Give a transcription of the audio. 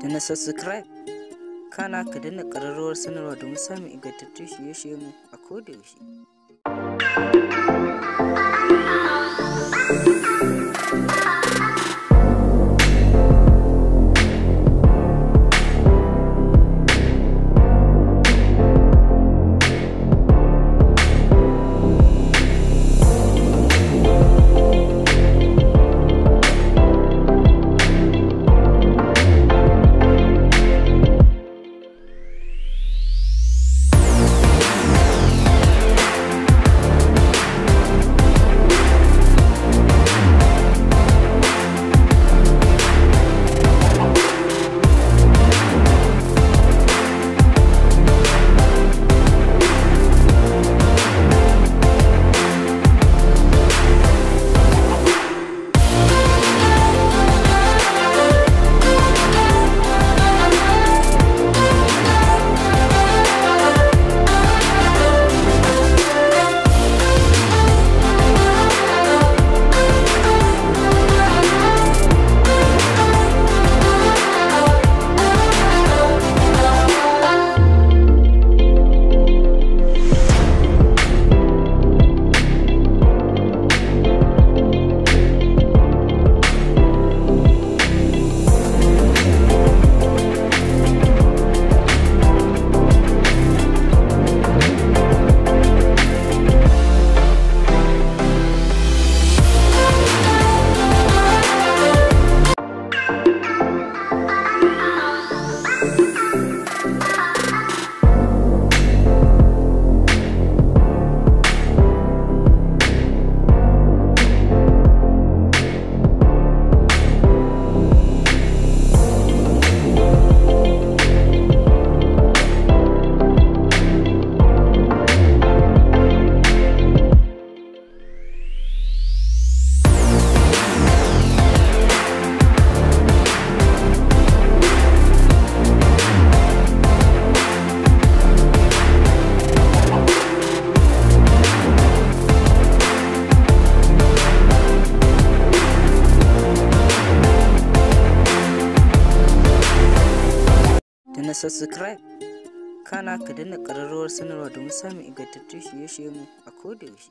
da na subscribe kana ka dana kararrawar sanarwa domin samun ingantattun shirye-shiryenmu a kodayaushe. na subscribe kana ka danna ƙararrawar sanarwa domin samun ingantattun shirye mu a kodayaushe